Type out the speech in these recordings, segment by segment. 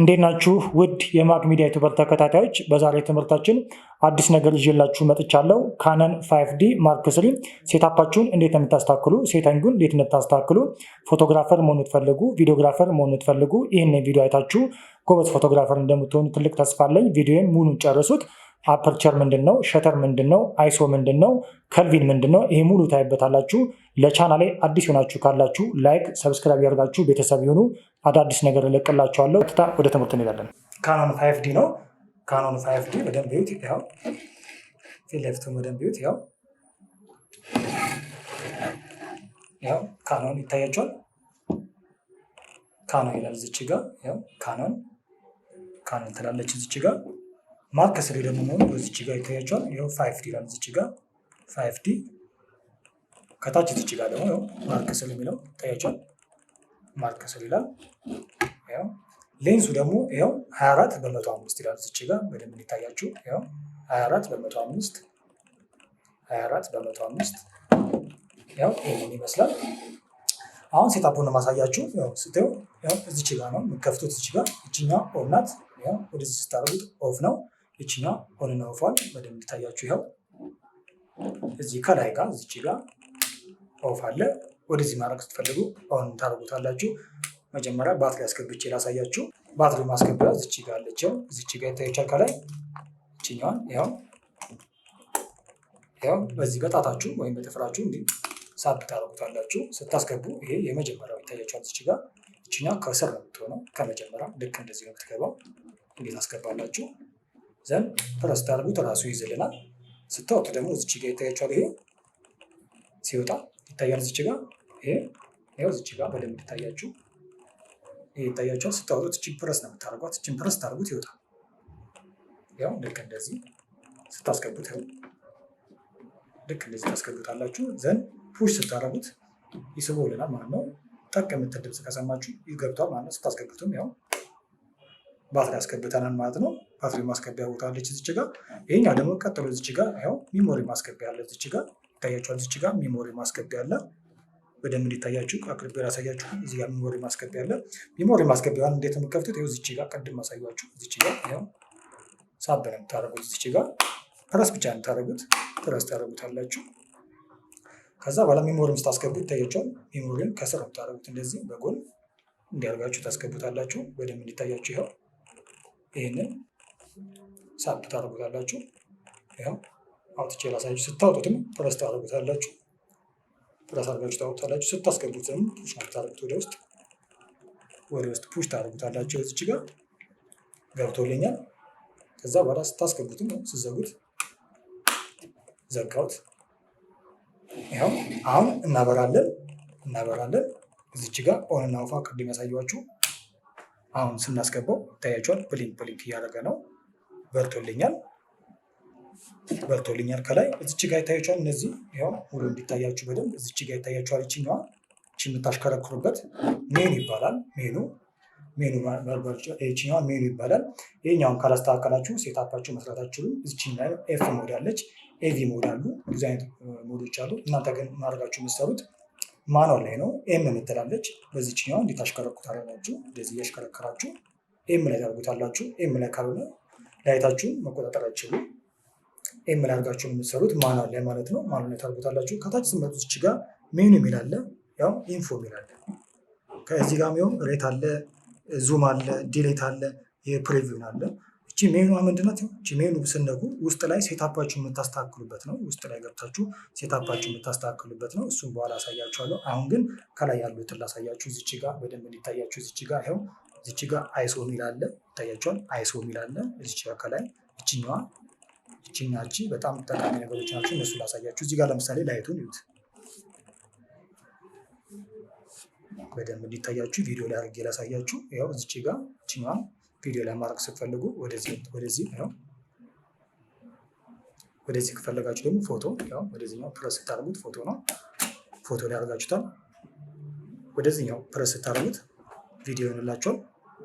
እንዴት ናችሁ ውድ የማግ ሚዲያ ዩቱበር ተከታታዮች፣ በዛሬ ትምህርታችን አዲስ ነገር ይዤላችሁ መጥቻለሁ። ካነን ፋይቭ ዲ ማርክ ስሪ ሴታፓችሁን እንዴት ነው የምታስተካክሉ፣ ሴቲንጉን እንዴት እንደምታስተካክሉ፣ ፎቶግራፈር መሆኑ ትፈልጉ፣ ቪዲዮግራፈር መሆኑ ትፈልጉ፣ ይህን ቪዲዮ አይታችሁ ጎበዝ ፎቶግራፈር እንደምትሆኑ ትልቅ ተስፋ አለኝ። ቪዲዮን ሙሉን ጨርሱት። አፐርቸር ምንድን ነው፣ ሸተር ምንድን ነው፣ አይሶ ምንድን ነው፣ ከልቪን ምንድን ነው፣ ይሄ ሙሉ ታይበታላችሁ። ለቻና ላይ አዲስ የሆናችሁ ካላችሁ ላይክ፣ ሰብስክራይብ ያደርጋችሁ ቤተሰብ የሆኑ አዳዲስ ነገር እለቅላችኋለሁ። ትታ ወደ ትምህርት እንሄዳለን። ካኖን ፋይፍ ዲ ነው። ካኖን ፋይፍ ዲ በደንብ ዩት፣ ያው ፊት ለፊቱን በደንብ ዩት፣ ያው ያው ካኖን ይታያችኋል። ካኖን ይላል ዝች ጋ ያው ካኖን ካኖን ትላለች ዝች ጋ ማር ከስሪ ደግሞ መሆኑ እዚች ጋር ይታያቸዋል። ይኸው ፋይቭ ዲ ላል እዚች ጋር ፋይቭ ዲ ከታች እዚች ጋር ደግሞ ይኸው ማር ከስሪ የሚለው ይታያቸዋል። ማር ከስሪ ይላል። ይኸው ሌንሱ ደግሞ ይኸው 24 በመቶ አምስት ይላል እዚች ጋር በደንብ እንዲታያችሁ ይኸው 24 በመቶ አምስት 24 በመቶ አምስት ያው ይህንን ይመስላል። አሁን ሴታፑን ማሳያችሁ ያው ስትው ያው እዚች ጋር ነው የምትከፍቱት። እዚች ጋር እችኛ ኦፍ ናት። ያው ወደዚህ ስታደርጉት ኦፍ ነው። ይችኛው ኦንና ኦፏን በደንብ ይታያችሁ። ይኸው እዚህ ከላይ ጋር እዚች ጋር ኦፍ አለ። ወደዚህ ማድረግ ስትፈልጉ አሁን ታደርጉታላችሁ። መጀመሪያ ባትሪ አስገብቼ ላሳያችሁ። ባትሪ ማስገቢያ እዚች ጋር አለችው። እዚች ጋር ይታያችኋል። ከላይ እችኛዋን ይኸው ያው በዚህ በጣታችሁ ወይም በጥፍራችሁ እንዲህ ሳብ ታደርጉታላችሁ። ስታስገቡ ይሄ የመጀመሪያው ይታያችኋል። እዚች ጋር እችኛ ከስር ነው የምትሆነው። ከመጀመሪያ ልክ እንደዚህ ነው የምትገባው። እንዴት አስገባላችሁ ዘን ፕረስ ታደርጉት ራሱ ይይዝልናል። ስታወጡ ደግሞ እዚች ጋ ይታያቸዋል። ይሄ ሲወጣ ይታያል እዚች ጋ ይሄ ያው እዚች ጋ በደንብ ይታያችሁ፣ ይሄ ይታያቸዋል። ስታወጡት እችን ፕረስ ነው የምታደርጓት። እችን ፕረስ ታደርጉት ይወጣል። ያው ልክ እንደዚህ ስታስገቡት ያው ልክ እንደዚህ ታስገቡታላችሁ። ዘንድ ፑሽ ስታደርጉት ይስበውልናል ማለት ነው። ጠቅ የምትል ድምፅ ከሰማችሁ ይገብቷል ማለት ነው። ስታስገቡትም ያው ባትሪ ያስገብተናል ማለት ነው። ባትሪ ማስገቢያ ቦታ አለች እዚች ጋር። ይሄኛው ደግሞ ቀጥሎ እዚች ጋር ያው ሚሞሪ ማስገቢያ አለ እዚች ጋር ይታያችኋል። እዚች ጋር ሚሞሪ ማስገቢያ አለ በደንብ እንዲታያችሁ አቅርቤ ላሳያችሁ። እዚህ ጋር ሚሞሪ ማስገቢያ አለ። ሚሞሪ ማስገቢያዋን እንዴት ነው የምትከፍቱት? ይኸው እዚች ጋር ቅድም አሳያችሁ። እዚች ጋር ይኸው ሳብ ነው የምታደርጉት። እዚች ጋር ፕረስ ብቻ ነው የምታደርጉት። ፕረስ ታደርጉታላችሁ። ከዛ በኋላ ሚሞሪም ስታስገቡ ይታያችኋል። ሚሞሪን ከስር ነው የምታደርጉት። እንደዚህ በጎን እንዲያደርጋችሁ ታስገቡታላችሁ። በደንብ እንዲታያችሁ ይኸው ይህንን ሳፕ ታደርጉታላችሁ። ይኸው አውጥቼ ላሳያችሁ። ስታውጡትም ፕረስ ታደርጉታላችሁ። ፕረስ አድርጋችሁ ታወጡታላችሁ። ስታስገቡትም ፑሽ ታደርጉት ወደ ውስጥ ወደ ውስጥ ፑሽ ታደርጉታላችሁ። እዚች ጋር ገብቶልኛል። ከዛ በኋላ ስታስገቡትም ስዘጉት ዘጋሁት። ይኸው አሁን እናበራለን እናበራለን። እዚች ጋር ኦን እና ኦፍ ቅድም ያሳየኋችሁ አሁን ስናስገባው ይታያችኋል። ብሊንክ ብሊንክ እያደረገ ነው። በርቶልኛል በርቶልኛል ከላይ እዚች ጋር ይታያችኋል። እነዚህ ያው ሙሉ እንዲታያችሁ በደንብ እዚች ጋ ይታያችኋል። ይችኛዋ እቺ የምታሽከረክሩበት ሜኑ ይባላል። ሜኑ ሜኑ ይችኛዋ ሜኑ ይባላል። ይህኛውን ካላስተካከላችሁ ሴታፓችሁ መስራት አትችሉም። እዚችኛ ኤፍ ሞድ አለች፣ ኤቪ ሞድ አሉ። ብዙ አይነት ሞዶች አሉ። እናንተ ግን ማድረጋችሁ የምትሰሩት ማኗል ላይ ነው። ኤም የምትላለች በዚችኛዋ እንዲታሽከረኩታላችሁ። እንደዚህ እያሽከረከራችሁ ኤም ላይ ታደርጉታላችሁ። ኤም ላይ ካልሆነ ዳይታችሁ መቆጣጠር አይችሉ ይህ ምን አድርጋችሁ የምትሰሩት ማኗል ላይ ማለት ነው። ማኗል ነው ታርጉታላችሁ። ከታች ስመጡ እች ጋ ሜኑ የሚል አለ፣ ያው ኢንፎ የሚል አለ። ከዚህ ጋር ሚሆን ሬት አለ፣ ዙም አለ፣ ዲሌት አለ፣ የፕሪቪውን አለ። እቺ ሜኑ ምንድናት? እቺ ሜኑ ስነጉ ውስጥ ላይ ሴታፓችሁ የምታስተካክሉበት ነው። ውስጥ ላይ ገብታችሁ ሴታፓችሁ የምታስተካክሉበት ነው። እሱም በኋላ አሳያችኋለሁ። አሁን ግን ከላይ ያሉትን ላሳያችሁ። ዝች ጋር በደንብ እንዲታያችሁ ዝች ጋር ይኸው እዚች ጋር አይሶ ሚላለ ይታያቸዋል። አይሶ ሚላለ እዚች ጋር ከላይ እችኛዋ እችኛቺ በጣም ጠቃሚ ነገሮች ናቸው። እነሱ ላሳያችሁ። እዚህ ጋር ለምሳሌ ላይቱን ይዩት በደንብ እንዲታያችሁ ቪዲዮ ላይ አድርጌ ላሳያችሁ። ያው እዚች ጋር እችኛዋን ቪዲዮ ላይ ማድረግ ስትፈልጉ ወደዚህ ነው። ወደዚህ ከፈለጋችሁ ደግሞ ፎቶ ያው ወደዚህኛው ፕረስ ስታደርጉት ፎቶ ነው። ፎቶ ላይ አድርጋችሁታል። ወደዚህኛው ፕረስ ስታደርጉት ቪዲዮ ይሆንላችኋል።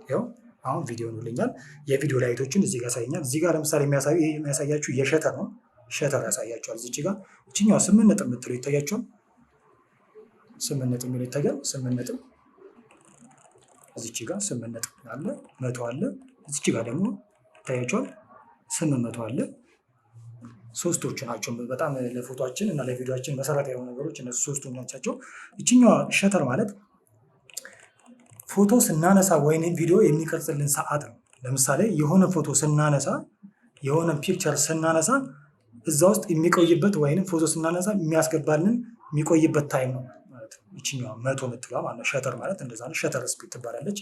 ይኸው አሁን ቪዲዮ ሆኖልኛል። የቪዲዮ ላይቶችን እዚህ ጋር ያሳየኛል። እዚህ ጋር ለምሳሌ የሚያሳያችሁ የሸተር ነው፣ ሸተር ያሳያችኋል። እዚች ጋር እችኛዋ ስምንት ነጥብ የምትለው ይታያቸዋል። ስምንት ነጥብ የሚለው ይታያል። ስምንት ነጥብ እዚች ጋር ስምንት ነጥብ አለ፣ መቶ አለ። እዚች ጋር ደግሞ ይታያቸዋል፣ ስምንት መቶ አለ። ሶስቶቹ ናቸው በጣም ለፎቶችን እና ለቪዲዮችን መሰረታዊ የሆኑ ነገሮች እነሱ ሶስቱ ናቸው። እችኛዋ ሸተር ማለት ፎቶ ስናነሳ ወይም ቪዲዮ የሚቀርጽልን ሰዓት ነው። ለምሳሌ የሆነ ፎቶ ስናነሳ የሆነ ፒክቸር ስናነሳ እዛ ውስጥ የሚቆይበት ወይም ፎቶ ስናነሳ የሚያስገባልን የሚቆይበት ታይም ነው ማለት ነው። ይችኛዋ መቶ ምትሏ ማለት ሸተር ማለት እንደዛ ነው። ሸተር ስፒድ ትባላለች።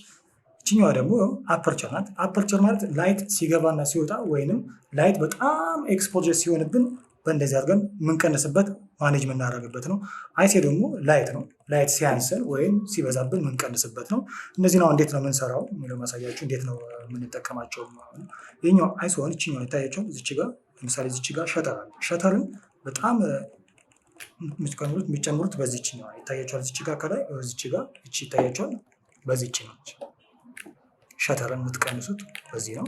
ይችኛዋ ደግሞ አፐርቸር ናት። አፐርቸር ማለት ላይት ሲገባና ሲወጣ ወይንም ላይት በጣም ኤክስፖጀር ሲሆንብን በእንደዚህ አድርገን የምንቀንስበት ማኔጅ የምናደርግበት ነው። አይሴ ደግሞ ላይት ነው። ላይት ሲያንስን ወይም ሲበዛብን የምንቀንስበት ነው። እነዚህ ነው እንዴት ነው የምንሰራው የሚለው ማሳያቸው እንዴት ነው የምንጠቀማቸው። ይኛው አይሶን ይችኛው የታያቸው ዝች ጋር ለምሳሌ ዝች ጋር ሸተር አለ። ሸተርን በጣም የምትጨምሩት የሚጨምሩት በዚች ነው ይታያቸዋል። ዝች ጋ ከላይ በዚች ጋ እቺ ይታያቸዋል። በዚች ነች ሸተርን የምትቀንሱት በዚህ ነው።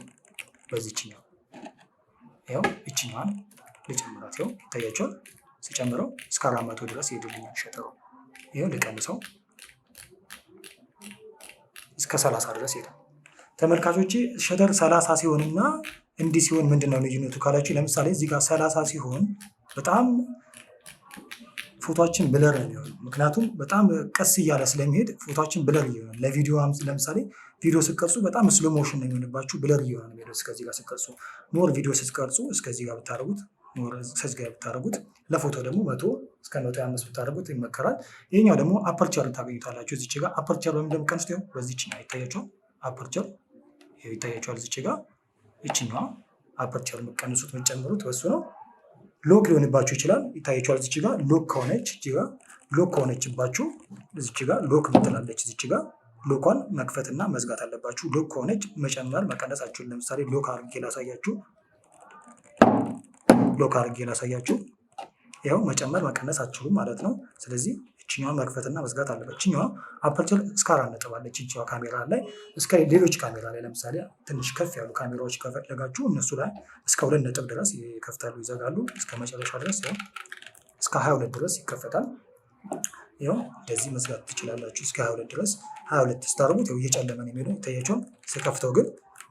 በዚች ነው ው እችኛዋን ልጨምራት። ይኸው ይታያችኋል። ስጨምረው እስከ አራት መቶ ድረስ ይሄድልኛል ሸጠሩ። ይኸው ልቀንሰው እስከ ሰላሳ ድረስ ይሄዳል። ተመልካቾች ሸተር ሰላሳ ሲሆንና እንዲህ ሲሆን ምንድን ነው ልዩነቱ ካላችሁ፣ ለምሳሌ እዚህ ጋር ሰላሳ ሲሆን በጣም ፎቶችን ብለር ነው የሚሆነው። ምክንያቱም በጣም ቀስ እያለ ስለሚሄድ ፎቶችን ብለር እየሆነ ለቪዲዮ ለምሳሌ ቪዲዮ ስቀርጹ በጣም ስሎ ሞሽን ነው የሚሆንባችሁ፣ ብለር እየሆነ ነው የሚሄደው እስከዚህ ጋር ስቀርጹ። ሞር ቪዲዮ ስትቀርጹ እስከዚህ ጋር ብታደርጉት ሰች ጋር ብታደርጉት ለፎቶ ደግሞ መቶ እስከ መቶ አምስት ብታደርጉት ይመከራል። ይህኛው ደግሞ አፐርቸርን ታገኙታላችሁ። እዚች ጋር አፐርቸር ወይም ደግሞ ቀንስ በዚች ይታያቸዋል። አፐርቸር ይታያቸዋል። እዚች ጋር ይችኛዋ አፐርቸር መቀንሱት መጨምሩት በሱ ነው። ሎክ ሊሆንባችሁ ይችላል። ይታያቸዋል። እዚች ጋር ሎክ ከሆነች ጋ ሎክ ከሆነችባችሁ እዚች ጋር ሎክ ምትላለች እዚች ጋር ሎኳን መክፈትና መዝጋት አለባችሁ። ሎክ ከሆነች መጨመር መቀነሳችሁን ለምሳሌ ሎክ አድርጌ ላሳያችሁ ብሎክ አድርጌ ላሳያችሁ። ያው መጨመር መቀነስ አትችሉም ማለት ነው። ስለዚህ እችኛዋ መክፈትና መዝጋት አለበት። እችኛዋ አፐርቸር እስከ አራት ነጥብ እችኛዋ ካሜራ ላይ እስከ ሌሎች ካሜራ ላይ ለምሳሌ ትንሽ ከፍ ያሉ ካሜራዎች ከፈለጋችሁ እነሱ ላይ እስከ ሁለት ነጥብ ድረስ ይከፍታሉ፣ ይዘጋሉ። እስከ መጨረሻ ድረስ ያው እስከ ሀያ ሁለት ድረስ ይከፈታል። ያው እንደዚህ መዝጋት ትችላላችሁ እስከ ሀያ ሁለት ድረስ ሀያ ሁለት ስታርቡት ያው እየጨለመን የሚሄደው ይታያቸዋል። ስከፍተው ግን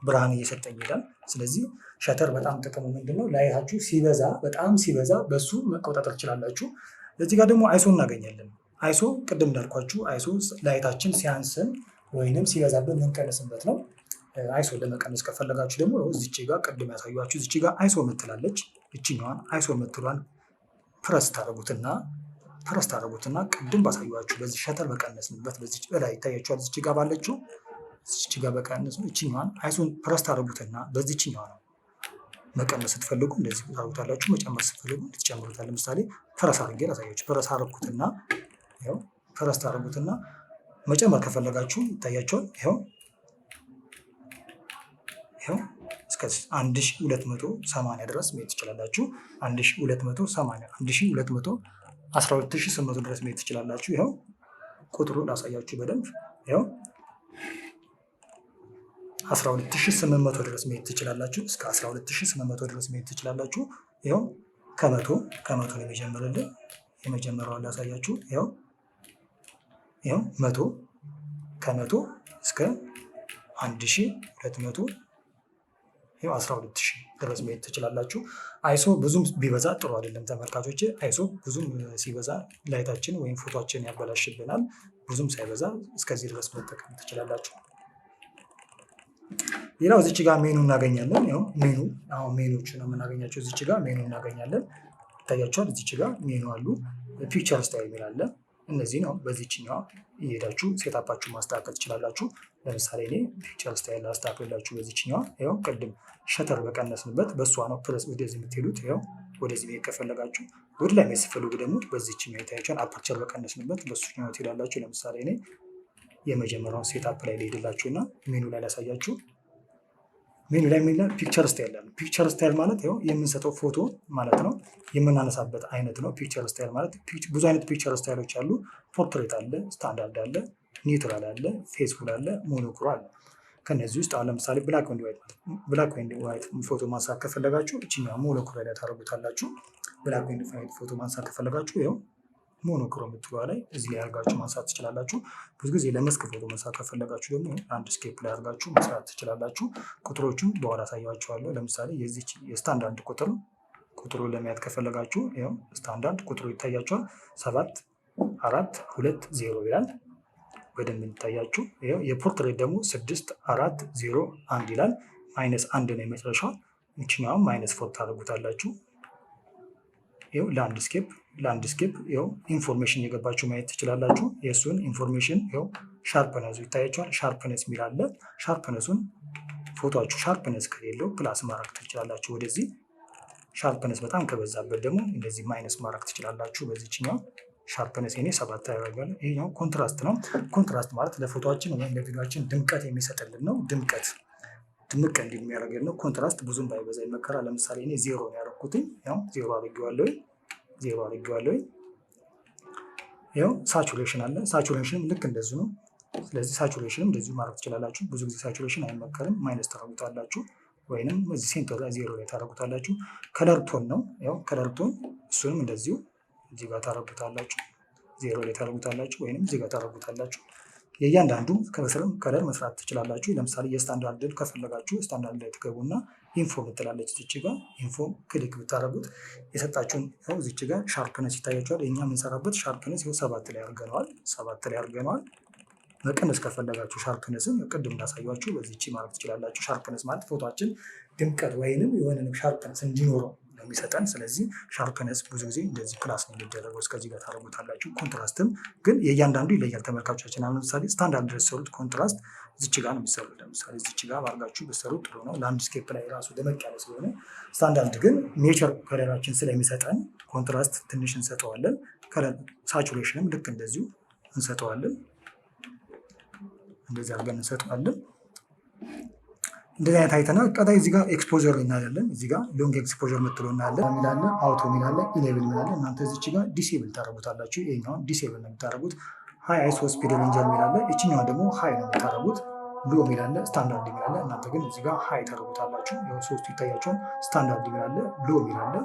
ብርሃን እየሰጠኝ ይሄዳል። ስለዚህ ሸተር በጣም ጥቅሙ ምንድን ነው? ላይታችሁ ሲበዛ በጣም ሲበዛ በሱ መቆጣጠር ትችላላችሁ። እዚህ ጋር ደግሞ አይሶ እናገኛለን። አይሶ ቅድም እንዳልኳችሁ አይሶ ላይታችን ሲያንስን ወይንም ሲበዛብን የምንቀንስበት ነው። አይሶ ለመቀነስ ከፈለጋችሁ ደግሞ እዚች ጋር ቅድም ያሳዩችሁ እዚች ጋር አይሶ ምትላለች። እችኛዋን አይሶ ምትሏን ፕረስ ታደረጉትና ፕረስ ታደረጉትና ቅድም ባሳዩችሁ በዚህ ሸተር በቀነስንበት በላይ ይታያችኋል። እዚች ጋር ባለችው እዚች ጋር በቀነስ ነው። ይችኛዋን አይሱን ፕረስ ታደርጉትና እችኛዋ ነው መቀነስ ስትፈልጉ እንደዚህ ታደርጉታላችሁ። መጨመር ስትፈልጉ ትጨምሩታል። ለምሳሌ ፕረስ አድርጌ ላሳያችሁ። ፕረስ አደረኩትና ይኸው ፕረስ ታደርጉትና መጨመር ከፈለጋችሁ ይታያቸዋል። ይኸው ይኸው እስከ 1280 ድረስ መሄድ ትችላላችሁ። 1280 12800 ድረስ መሄድ ትችላላችሁ። ይኸው ቁጥሩ ላሳያችሁ በደንብ ይኸው 12800 ድረስ መሄድ ትችላላችሁ። እስከ 12800 ድረስ መሄድ ትችላላችሁ። ይኸው ከመቶ ከመቶ ነው የሚጀምርልን። የመጀመሪያውን ላሳያችሁ። ይኸው ይኸው መቶ ከመቶ እስከ 1200 ይኸው 12000 ድረስ መሄድ ትችላላችሁ። አይሶ ብዙም ቢበዛ ጥሩ አይደለም ተመልካቾች። አይሶ ብዙም ሲበዛ ላይታችን ወይም ፎቶችን ያበላሽብናል። ብዙም ሳይበዛ እስከዚህ ድረስ መጠቀም ትችላላችሁ። ሌላው እዚች ጋር ሜኑ እናገኛለን። ያው ሜኑ አሁን ሜኖቹ ነው የምናገኛቸው። እዚች ጋር ሜኑ እናገኛለን፣ ይታያቸዋል። እዚች ጋር ሜኑ አሉ። ፒክቸር ስታይል የሚል አለ። እነዚህ ነው በዚችኛዋ እየሄዳችሁ ሴታፓችሁ ማስተካከል ትችላላችሁ። ለምሳሌ እኔ ፒክቸር ስታይል አስተካክልላችሁ በዚችኛዋ ያው ቅድም ሸተር በቀነስንበት በእሷ ነው ፕለስ ወደዚህ የምትሄዱት ያው ወደዚህ መሄድ ከፈለጋችሁ ወደ ላይ መሄድ ስትፈልጉ ደግሞ በዚችኛዋ የታያቸውን አፓርቸር በቀነስንበት በሱኛው ትሄዳላችሁ። ለምሳሌ እኔ የመጀመሪያውን ሴትአፕ ላይ ሊሄድላችሁ እና ሜኑ ላይ ላሳያችሁ። ሜኑ ላይ የሚል ፒክቸር ስታይል ያለ ፒክቸር ስታይል ማለት ው የምንሰጠው ፎቶ ማለት ነው። የምናነሳበት አይነት ነው። ፒክቸር ስታይል ማለት ብዙ አይነት ፒክቸር ስታይሎች አሉ። ፖርትሬት አለ፣ ስታንዳርድ አለ፣ ኒውትራል አለ፣ ፌስቡል አለ፣ ሞኖክሮ አለ። ከነዚህ ውስጥ አሁን ለምሳሌ ብላክ ወንድ ዋይት ብላክ ወንድ ዋይት ፎቶ ማንሳት ከፈለጋችሁ እችኛ ሞኖክሮ ላይ ታደርጉታላችሁ። ብላክ ወንድ ዋይት ፎቶ ማንሳት ከፈለጋችሁ ይኸው ሞኖክሮም የምትለዋ ላይ እዚህ ላይ አድርጋችሁ ማንሳት ትችላላችሁ። ብዙ ጊዜ ለመስክ ፎቶ መስራት ከፈለጋችሁ ደግሞ አንድ ስኬፕ ላይ አድርጋችሁ መስራት ትችላላችሁ። ቁጥሮቹን በኋላ አሳያችኋለሁ። ለምሳሌ የዚች የስታንዳርድ ቁጥር ቁጥሩ ለመያት ከፈለጋችሁ ይኸው ስታንዳርድ ቁጥሩ ይታያችኋል። ሰባት አራት ሁለት ዜሮ ይላል በደንብ እንታያችሁ። ይኸው የፖርትሬት ደግሞ ስድስት አራት ዜሮ አንድ ይላል። ማይነስ አንድ ነው የመጨረሻው። ይችኛውም ማይነስ ፎር ታደርጉታላችሁ። ይኸው ላንድስኬፕ ላንድስኬፕ ው ኢንፎርሜሽን እየገባችሁ ማየት ትችላላችሁ። የእሱን ኢንፎርሜሽን ው ሻርፕነሱ ይታያችኋል። ሻርፕነስ የሚል አለ። ሻርፕነሱን ፎቶችሁ ሻርፕነስ ከሌለው ፕላስ ማድረግ ትችላላችሁ ወደዚህ። ሻርፕነስ በጣም ከበዛበት ደግሞ እንደዚህ ማይነስ ማድረግ ትችላላችሁ። በዚችኛው ሻርፕነስ እኔ ሰባት ያደርጋለሁ። ይሄኛው ኮንትራስት ነው። ኮንትራስት ማለት ለፎቶችን ወይም ለቪዲዮችን ድምቀት የሚሰጥልን ነው። ድምቀት ድምቅ እንዲል የሚያደርግልን ነው። ኮንትራስት ብዙም ባይበዛ ይመከራል። ለምሳሌ እኔ ዜሮ ነው ያደረኩትኝ። ያው ዜሮ ዜሮ አድርጌዋለሁ። ይኸው ሳቹሬሽን አለ። ሳቹሬሽንም ልክ እንደዚሁ ነው። ስለዚህ ሳቹሬሽንም እንደዚሁ ማድረግ ትችላላችሁ። ብዙ ጊዜ ሳቹሬሽን አይመከርም። ማይነስ ታደርጉታላችሁ ወይንም እዚህ ሴንተር ላይ ዜሮ ላይ ታደርጉታላችሁ። ከለርቶን ነው ያው ከለርቶን እሱንም እንደዚሁ እዚህ ጋር ታደርጉታላችሁ፣ ዜሮ ላይ ታደርጉታላችሁ ወይንም እዚህ ጋር ታደርጉታላችሁ። የእያንዳንዱ ከስርም ከለር መስራት ትችላላችሁ። ለምሳሌ የስታንዳርድን ከፈለጋችሁ ስታንዳርድ ላይ ትገቡና ኢንፎ ምትላለች እዚች ጋ ኢንፎ ክሊክ ብታደረጉት የሰጣችሁን ው እዚች ጋ ሻርፕነስ ይታያችኋል። የኛ የምንሰራበት ሻርፕነስ ይኸው ሰባት ላይ አድርገነዋል። ሰባት ላይ አድርገነዋል። መቀነስ ከፈለጋችሁ ሻርፕነስም ቅድም እንዳሳያችሁ በዚች ማድረግ ትችላላችሁ። ሻርፕነስ ማለት ፎቶችን ድምቀት ወይንም የሆነንም ሻርፕነስ እንዲኖረው ነው የሚሰጠን። ስለዚህ ሻርፕነስ ብዙ ጊዜ እንደዚህ ፕላስ ነው የሚደረገው። እስከዚህ ጋር ታደርጉታላችሁ። ኮንትራስትም ግን የእያንዳንዱ ይለያል። ተመልካቾቻችን አሁን ለምሳሌ ስታንዳርድ ድረስ ሰሩት ኮንትራስት ዝች ጋር ነው የሚሰሩት። ለምሳሌ ዝች ጋር አድርጋችሁ ብትሰሩ ጥሩ ነው። ላንድስኬፕ ላይ ራሱ ደመቅ ያለ ስለሆነ ስታንዳርድ ግን ኔቸር ከለራችን ስለሚሰጠን ኮንትራስት ትንሽ እንሰጠዋለን። ሳቹሬሽንም ልክ እንደዚሁ እንሰጠዋለን። እንደዚህ አድርገን እንሰጠዋለን። እንደዚህ አይነት አይተናል። ቀጣይ እዚህ ጋር ኤክስፖዘር እናያለን። እዚህ ጋር ሎንግ ኤክስፖዘር ምትሎ እናያለን። ሚላለ አውቶ ሚላለ ኢኔብል ሚላለ እናንተ እዚች ጋር ዲሴብል ታደረጉታላችሁ። ይኛውን ዲሴብል ነው የምታደረጉት። ሀይ አይሶ ስፒድ ሬንጀር ሚላለ ይችኛዋ ደግሞ ሀይ ነው የምታደረጉት። ሎ ሚላለ ስታንዳርድ ሚላለ እናንተ ግን እዚህ ጋር ሀይ ታደረጉታላችሁ። ሶስቱ ይታያቸውን። ስታንዳርድ ሚላለ ሎ ሚላለ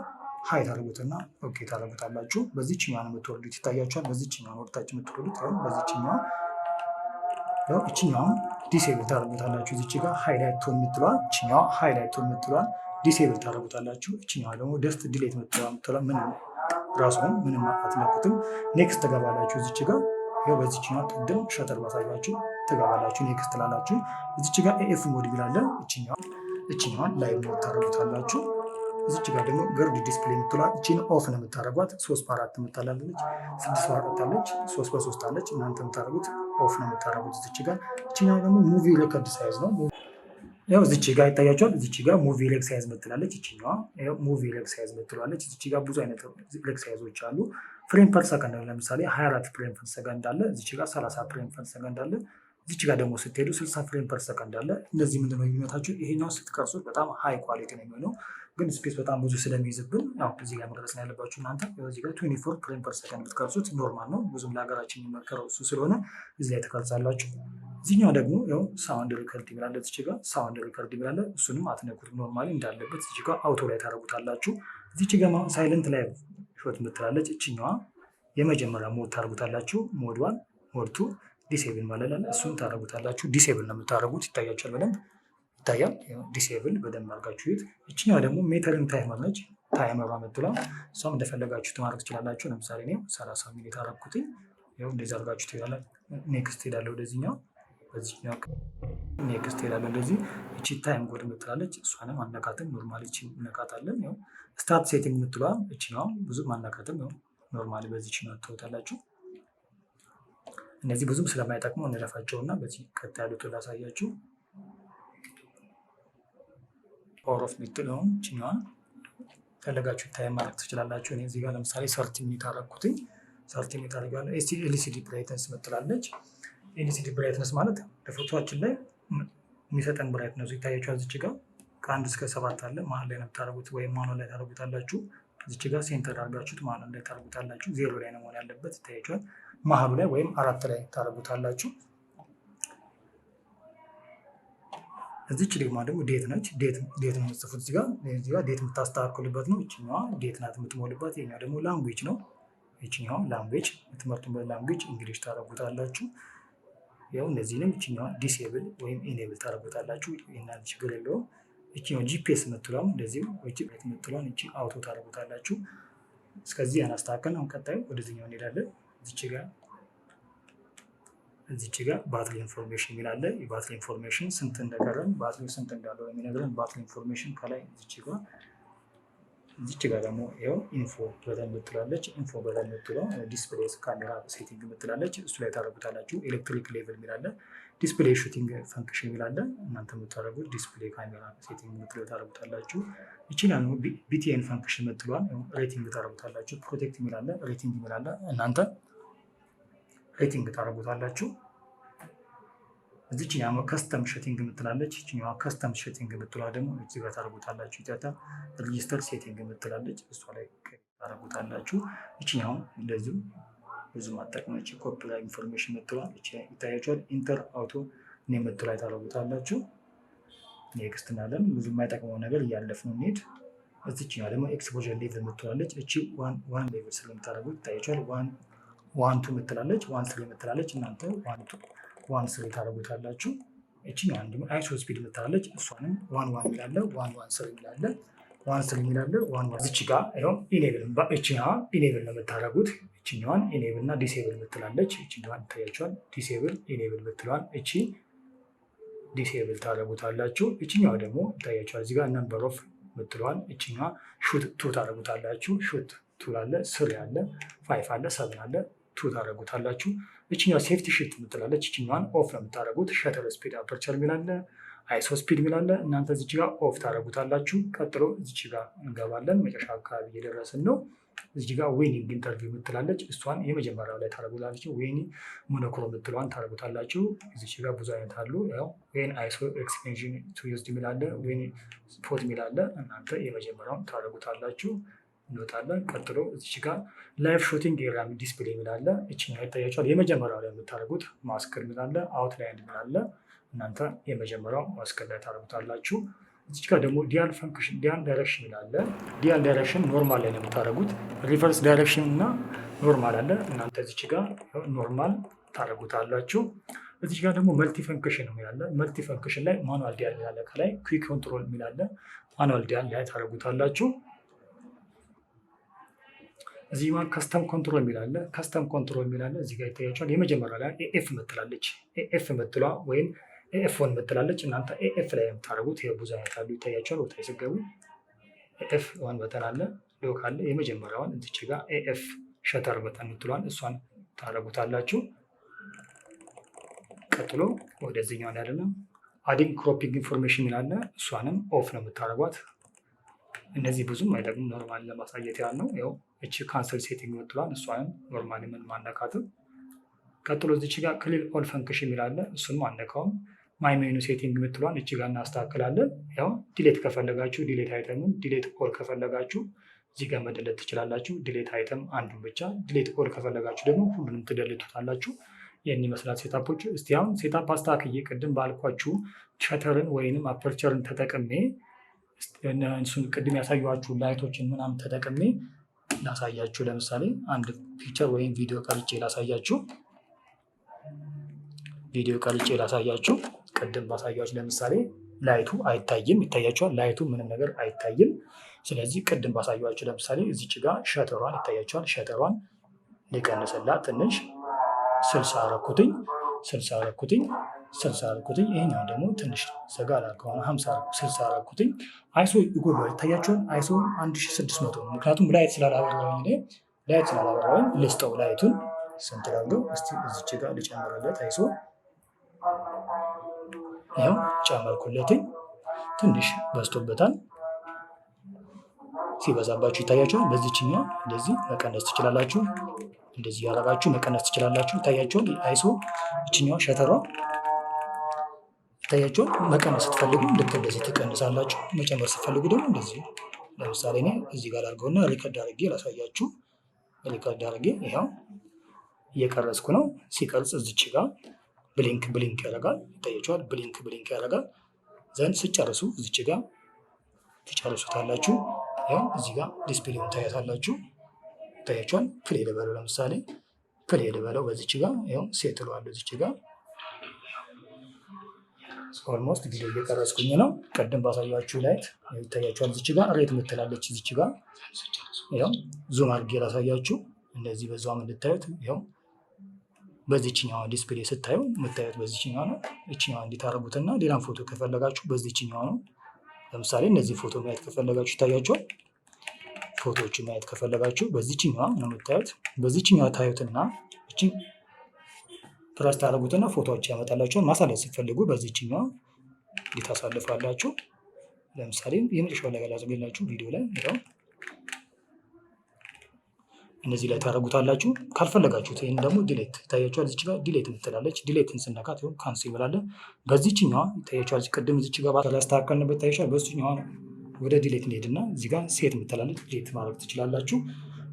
ሀይ ታደረጉትና ኦኬ ታደረጉታላችሁ። በዚችኛዋ ነው የምትወርዱት ይታያቸዋል። በዚችኛዋ ወርታች የምትወርዱት ወይም በዚችኛዋ ያው እችኛውን ዲሴብል ታደርጉታላችሁ። እዚች ጋር ሃይላይት ቶን የምትለዋ እችኛዋ ሃይላይት ቶን የምትለዋ ዲሴብል ታደርጉታላችሁ። እችኛዋ ደግሞ ደስት ዲሌት የምትለዋ ምን ራሱን ምንም አትነኩትም። ኔክስት ትገባላችሁ። እዚች ጋር ያው በዚችኛዋ ቅድም ሸተር ባሳያችሁ ትገባላችሁ። ኔክስት ትላላችሁ። እዚች ጋር ኤኤፍ ሞድ ብላለ እችኛዋ እችኛዋን ላይ ሞድ ታደርጉታላችሁ። እዚች ጋር ደግሞ ግርድ ዲስፕሌይ የምትሏ እቺን ኦፍ ነው የምታደርጓት። ሶስት በአራት የምታላለች፣ ስድስት በአራት አለች፣ ሶስት በሶስት አለች። እናንተ የምታደርጉት ኦፍ ነው የምታደርጉት እዚች ጋር። እችኛው ደግሞ ሙቪ ሪከርድ ሳይዝ ነው። ያው እዚች ጋር ይታያቸዋል። እዚች ጋር ሙቪ ሌግ ሳይዝ ምትላለች፣ እችኛዋ ሙቪ ሌግ ሳይዝ ምትላለች። እዚች ጋር ብዙ አይነት ሌግ ሳይዞች አሉ። ፍሬም ፐር ሰከንድ ለምሳሌ 24 ፍሬም ፐር ሰከንድ አለ። እዚች ጋር 30 ፍሬም ፐር ሰከንድ አለ። እዚች ጋር ደግሞ ስትሄዱ ስልሳ ፍሬም ፐር ሰከንድ አለ። እነዚህ ምንድነው የሚመታቸው? ይሄኛው ስትቀርጹት በጣም ሀይ ኳሊቲ ነው የሚሆነው፣ ግን ስፔስ በጣም ብዙ ስለሚይዝብን ያው እዚህ ጋር መቅረጽ ነው ያለባችሁ እናንተ። እዚህ ጋር ትዌንቲ ፍሬም ፐር ሰከንድ ብትቀርጹት ኖርማል ነው፣ ብዙም ለሀገራችን የሚመከረው እሱ ስለሆነ እዚህ ላይ ትቀርጻላችሁ። እዚህኛው ደግሞ ያው ሳውንድ ሪከርድ ይላለ፣ እዚህ ጋር ሳውንድ ሪከርድ ይላለ። እሱንም አትነኩት፣ ኖርማሊ እንዳለበት እዚህ ጋር አውቶ ላይ ታደርጉታላችሁ። እዚች ጋር ሳይለንት ላይ ሾት ምትላለች፣ እችኛዋ የመጀመሪያ ሞድ ታደርጉታላችሁ፣ ሞድ ዋን ሞድ ቱ ዲሴብል ማለት አለ። እሱን ታደረጉታላችሁ። ዲሴብል ነው የምታደረጉት። ይታያችኋል፣ በደንብ ይታያል። ዲሴብል በደንብ አድርጋችሁ ይት። እችኛ ደግሞ ሜተርን ታይመር ነች። ታይመሯ የምትለው እሷም እንደፈለጋችሁ ማድረግ ትችላላችሁ። ለምሳሌ እኔ ሰላሳ ሚኒት አረኩትኝ። ይኸው እንደዚህ አድርጋችሁ ትሄዳላችሁ። ኔክስት ሄዳለሁ ወደዚህኛው፣ በዚህኛው ኔክስት ሄዳለሁ እንደዚህ። እቺ ታይም ጎድ የምትላለች እሷንም አናካትም። ኖርማል እቺ እናካታለን። ይኸው ስታርት ሴቲንግ የምትለዋ ብዙ ብዙም አናካትም። ኖርማል በዚህ ነው ትወታላችሁ እነዚህ ብዙም ስለማይጠቅሙ እንለፋቸውና በዚህ ቀጥ ያሉትን ላሳያችሁ። ፓወር ኦፍ የምትለውን ችኛዋን ፈለጋችሁ ታይም ማድረግ ትችላላችሁ። እኔ እዚህ ጋር ለምሳሌ ሰርቲ ሚኒት አደረኩትኝ። ሰርቲ ሚኒት አደርጋለሁ። ኤልሲዲ ብራይትነስ ትመጥላለች። ኤልሲዲ ብራይትነስ ማለት በፎቶችን ላይ የሚሰጠን ብራይትነሱ ይታያችኋል። ዝች ጋር ከአንድ እስከ ሰባት አለ። መሀል ላይ ነው የምታደርጉት ወይም ማኖ ላይ ታረጉታላችሁ። ዝች ጋር ሴንተር አርጋችሁት ማኑዋል ላይ ታረጉታላችሁ። ዜሮ ላይ ነው መሆን ያለበት ይታያችኋል። መሀሉ ላይ ወይም አራት ላይ ታደርጉታላችሁ። እዚች ደግሞ ደግሞ ዴት ነች። ዴት ነው የምትጽፉት እዚጋ ጋር ዴት የምታስተካክሉበት ነው። ይችኛዋ ዴት ናት የምትሞሉበት። የኛ ደግሞ ላንጉዌጅ ነው። ይችኛዋ ላንጉዌጅ የምትመርጡበት ላንጉዌጅ እንግሊሽ ታደርጉታላችሁ። ያው እነዚህንም ይችኛዋ ዲስብል ወይም ኢኔብል ታደርጉታላችሁ። ይናን ችግር የለውም። ይችኛው ጂፒኤስ እንደዚሁ እንደዚህ የምትሏን ይቺ አውቶ ታደርጉታላችሁ። እስከዚህ ያናስተካከል ነው። ቀጣዩ ወደዚህኛው እንሄዳለን። እዚች ጋር እዚች ጋር ባትል ኢንፎርሜሽን የሚላለ የባትል ኢንፎርሜሽን ስንት እንደቀረን ባትል ስንት እንዳለው የሚነግረን ባትል ኢንፎርሜሽን ከላይ እዚች ጋር እዚች ጋር ደግሞ ይኸው ኢንፎ በተን ምትላለች። ኢንፎ በተን ምትለው ዲስፕሌይ ካሜራ ሴቲንግ ምትላለች። እሱ ላይ ታደረጉታላችሁ። ኤሌክትሪክ ሌቭል የሚላለ፣ ዲስፕሌይ ሹቲንግ ፈንክሽን የሚላለ እናንተ የምታደረጉት ዲስፕሌይ ካሜራ ሴቲንግ ምትለው ታደረጉታላችሁ። ይችን ቢቲኤን ፈንክሽን ምትሏል። ሬቲንግ ታደረጉታላችሁ። ፕሮቴክት የሚላለ፣ ሬቲንግ የሚላለ እናንተ ሬቲንግ ታደርጉታላችሁ። እዚችኛዋ ከስተም ሸቲንግ የምትላለች እችኛዋ ከስተም ሸቲንግ የምትሏ ደግሞ እዚህ ጋር ታደርጉታላችሁ። ኢትዮጵያ ሬጂስተር ሴቲንግ የምትላለች እሷ ላይ ታደርጉታላችሁ። እችኛውን እንደዚሁ ብዙ ማጠቅመች ኮፒራይት ኢንፎርሜሽን የምትሏል ይታያችኋል። ኢንተር አውቶ እኔ ላይ ታደርጉታላችሁ። ኔክስት እናለን። ብዙ የማይጠቅመው ነገር እያለፍ ነው እንሂድ። እዚችኛዋ ደግሞ ኤክስፖዠር ሌቭል የምትላለች እቺ ዋን ሌቭል ስለምታደርጉት ይታያችኋል ዋን ዋንቱ የምትላለች ዋን ስሪ የምትላለች እናንተ ዋንቱ ዋን ስሪ ታደረጉታላችሁ። እችን አንድ አይሶ ስፒድ የምትላለች እሷንም ዋን ዋን ይላለ ዋን ዋን ስሪ ይላለ ዋን ስሪ ይላለ ዋን ዋን ዝች ጋር ይሁን ኢኔብል እችኛ ኢኔብል ነው የምታደረጉት። እችኛዋን ኢኔብል እና ዲሴብል የምትላለች እችኛዋን ይታያቸዋል። ዲሴብል ኢኔብል የምትለዋን እቺ ዲሴብል ታደረጉታላችሁ። እችኛዋ ደግሞ ይታያቸዋል እዚህ ጋር ነምበር ኦፍ የምትለዋን እችኛ ሹት ቱ ታደረጉታላችሁ። ሹት ቱ ላለ ስሪ አለ ፋይፍ አለ ሰብን አለ ቱ ታደረጉታላችሁ። እችኛዋ ሴፍቲ ሽት የምትላለች እችኛዋን ኦፍ ነው የምታደረጉት። ሸተር ስፒድ አፐርቸር ሚላለ አይሶ ስፒድ ሚላለ እናንተ እዚች ጋር ኦፍ ታደረጉታላችሁ። ቀጥሎ እዚች ጋር እንገባለን። መጨረሻ አካባቢ እየደረስን ነው። እዚህ ጋር ዌኒንግ ኢንተርቪው የምትላለች እሷን የመጀመሪያው ላይ ታደረጉታላችሁ። ዊኒ ሞኖክሮ የምትለዋን ታደረጉታላችሁ። እዚች ጋር ብዙ አይነት አሉ። ዌን አይሶ ኤክስፔንሽን ቱ ዩዝድ ሚላለ ዌን ፖት ሚላለ እናንተ የመጀመሪያውን ታደረጉታላችሁ። እንወጣለን። ቀጥሎ እዚች ጋር ላይቭ ሹቲንግ ኤሪያ ዲስፕሌይ የሚላለ እችኛ ይታያቸዋል። የመጀመሪያው ላይ የምታደርጉት ማስክር የሚላለ አውትላይን የሚላለ እናንተ የመጀመሪያው ማስክር ላይ ታደርጉታላችሁ። እዚች ጋር ደግሞ ዲያል ፈንክሽን ዲያል ዳይሬክሽን ይላለ። ዲያል ዳይሬክሽን ኖርማል ላይ ነው የምታደርጉት። ሪቨርስ ዳይሬክሽን እና ኖርማል አለ። እናንተ እዚች ጋር ኖርማል ታደርጉታላችሁ። እዚህ ጋር ደግሞ መልቲ ፈንክሽን የሚላለ መልቲ ፈንክሽን ላይ ማኑዋል ዲያል የሚላለ ከላይ ኩዊክ ኮንትሮል የሚላለ ማኑዋል ዲያል ላይ ታደርጉታላችሁ። እዚህ ማ ከስተም ኮንትሮል የሚላለ ከስተም ኮንትሮል የሚላለ እዚህ ጋር ይታያቸዋል። የመጀመሪያ ላይ ኤኤፍ ምትላለች ኤኤፍ ምትሏ ወይም ኤኤፍን ምትላለች። እናንተ ኤኤፍ ላይ የምታደርጉት የብዙ አይነት አሉ ይታያቸዋል። ቦታ የዘገቡ ኤኤፍ ዋን በተን አለ ሎክ አለ። የመጀመሪያዋን እንትች ጋር ኤኤፍ ሸተር በተን ምትሏን እሷን ታደርጉታላችሁ። ቀጥሎ ወደዚህኛው ያደለም አዲንግ ክሮፒንግ ኢንፎርሜሽን ይላለ። እሷንም ኦፍ ነው የምታደርጓት እነዚህ ብዙም አይጠቅሙም። ኖርማል ለማሳየት ያህል ነው። ያው እቺ ካንሰል ሴቲንግ ወጥሏል። እሷንም ኖርማል ምን ማነካትም። ቀጥሎ እዚች ጋር ክሊል ኦል ፈንክሽ የሚላለ እሱንም አነካውም። ማይ ሜኑ ሴቲንግ የምትሏን እቺ ጋር እናስተካክላለን። ያው ዲሌት ከፈለጋችሁ ዲሌት አይተምን፣ ዲሌት ኦል ከፈለጋችሁ እዚህ ጋር መደለት ትችላላችሁ። ዲሌት አይተም አንዱን ብቻ፣ ዲሌት ኦል ከፈለጋችሁ ደግሞ ሁሉንም ትደልቱታላችሁ። ይህን ይመስላል ሴታፖች። እስቲ አሁን ሴታፕ አስተካክዬ ቅድም ባልኳችሁ ሸተርን ወይንም አፐርቸርን ተጠቅሜ ቅድም ያሳዩችሁ ላይቶችን ምናምን ተጠቅሜ ላሳያችሁ። ለምሳሌ አንድ ፒክቸር ወይም ቪዲዮ ቀርጬ ላሳያችሁ ቪዲዮ ቀርጬ ላሳያችሁ። ቅድም ባሳያችሁ ለምሳሌ ላይቱ አይታይም፣ ይታያችኋል። ላይቱ ምንም ነገር አይታይም። ስለዚህ ቅድም ባሳያችሁ ለምሳሌ እዚች ጋ ሸተሯን ይታያችኋል። ሸተሯን ሊቀንስላት ትንሽ ስልሳ አረኩትኝ ስልሳ አረኩትኝ ስልሳ አረኩትኝ። ይሄኛው ደግሞ ትንሽ ዘጋ ከሆነ ሀምሳ ስልሳ አረኩትኝ። አይሶ ይጎሉ ይታያቸውን አይሶ አንድ ሺህ ስድስት መቶ ነው ምክንያቱም ላይት ስላላበራኝ ላይት ስላላበራኝ ልስጠው ላይቱን ስንት ላለው እስቲ እዚች ጋር ልጨምርለት አይሶ ይኸው ጨመርኩለትኝ። ትንሽ በዝቶበታል። ሲበዛባችሁ ይታያቸዋል። በዚችኛው እንደዚህ መቀነስ ትችላላችሁ። እንደዚህ ያደረጋችሁ መቀነስ ትችላላችሁ። ይታያችኋል። አይሶ እችኛዋ ሸተሯ ይታያችኋል። መቀነስ ስትፈልጉ ልክ እንደዚህ ትቀንሳላችሁ። መጨመር ስትፈልጉ ደግሞ እንደዚህ። ለምሳሌ እኔ እዚህ ጋር አድርገውና ሪከርድ አድርጌ ላሳያችሁ። ሪከርድ አድርጌ ይኸው እየቀረጽኩ ነው። ሲቀርጽ እዚች ጋር ብሊንክ ብሊንክ ያደርጋል። ይታያችኋል። ብሊንክ ብሊንክ ያደርጋል። ዘንድ ስጨርሱ እዚች ጋር ትጨርሱታላችሁ። ያው እዚህ ጋር ዲስፕሌውን ታያታላችሁ። ታያቸዋል። ፕሌ ልበለው ለምሳሌ ፕሌ ልበለው በዚች ጋ ይኸው ሴት እለዋለሁ እዚች ጋ ኦልሞስት ቪዲዮ እየቀረጽኩኝ ነው። ቅድም ባሳያችሁ ላይት ይታያችኋል። እዚች ጋ ሬት የምትላለች እዚች ጋ ይኸው ዙም አድርጌ ላሳያችሁ። እንደዚህ በዛም እንድታዩት ይኸው በዚችኛዋ ዲስፕሌ ስታዩ የምታዩት በዚችኛዋ ነው። እችኛዋ እንዲታረጉትና ሌላም ፎቶ ከፈለጋችሁ በዚችኛዋ ነው። ለምሳሌ እነዚህ ፎቶ ማየት ከፈለጋችሁ ይታያችኋል። ፎቶዎቹ ማየት ከፈለጋችሁ በዚችኛዋ ነው የምታዩት። በዚችኛዋ ታዩትና እችን ፕረስ ታደርጉትና ፎቶዎች ያመጣላችሁን ማሳለፍ ሲፈልጉ በዚችኛዋ እንዲታሳልፋላችሁ። ለምሳሌ የመጨረሻው ላይ ላዘግላችሁ ቪዲዮ ላይ ው እነዚህ ላይ ታደርጉታላችሁ። ካልፈለጋችሁት ይህን ደግሞ ዲሌት ይታያችኋል። እዚች ጋር ዲሌት የምትላለች ዲሌትን ስነካት ካንስ ይበላለን። በዚችኛዋ ይታያችኋል። ቅድም እዚች ጋር ስላስተካከልንበት ይታያችኋል። በሱኛዋ ነው ወደ ዲሌት እንሄድና እዚህ ጋር ሴት የምትላለች ዲሌት ማድረግ ትችላላችሁ።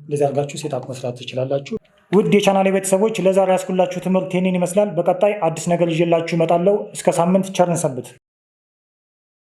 እንደዚህ አድርጋችሁ ሴት አፕ መስራት ትችላላችሁ። ውድ የቻናል ቤተሰቦች ለዛሬ ያስኩላችሁ ትምህርት ይህንን ይመስላል። በቀጣይ አዲስ ነገር ይዤላችሁ እመጣለሁ። እስከ ሳምንት ቸርን ሰንብት።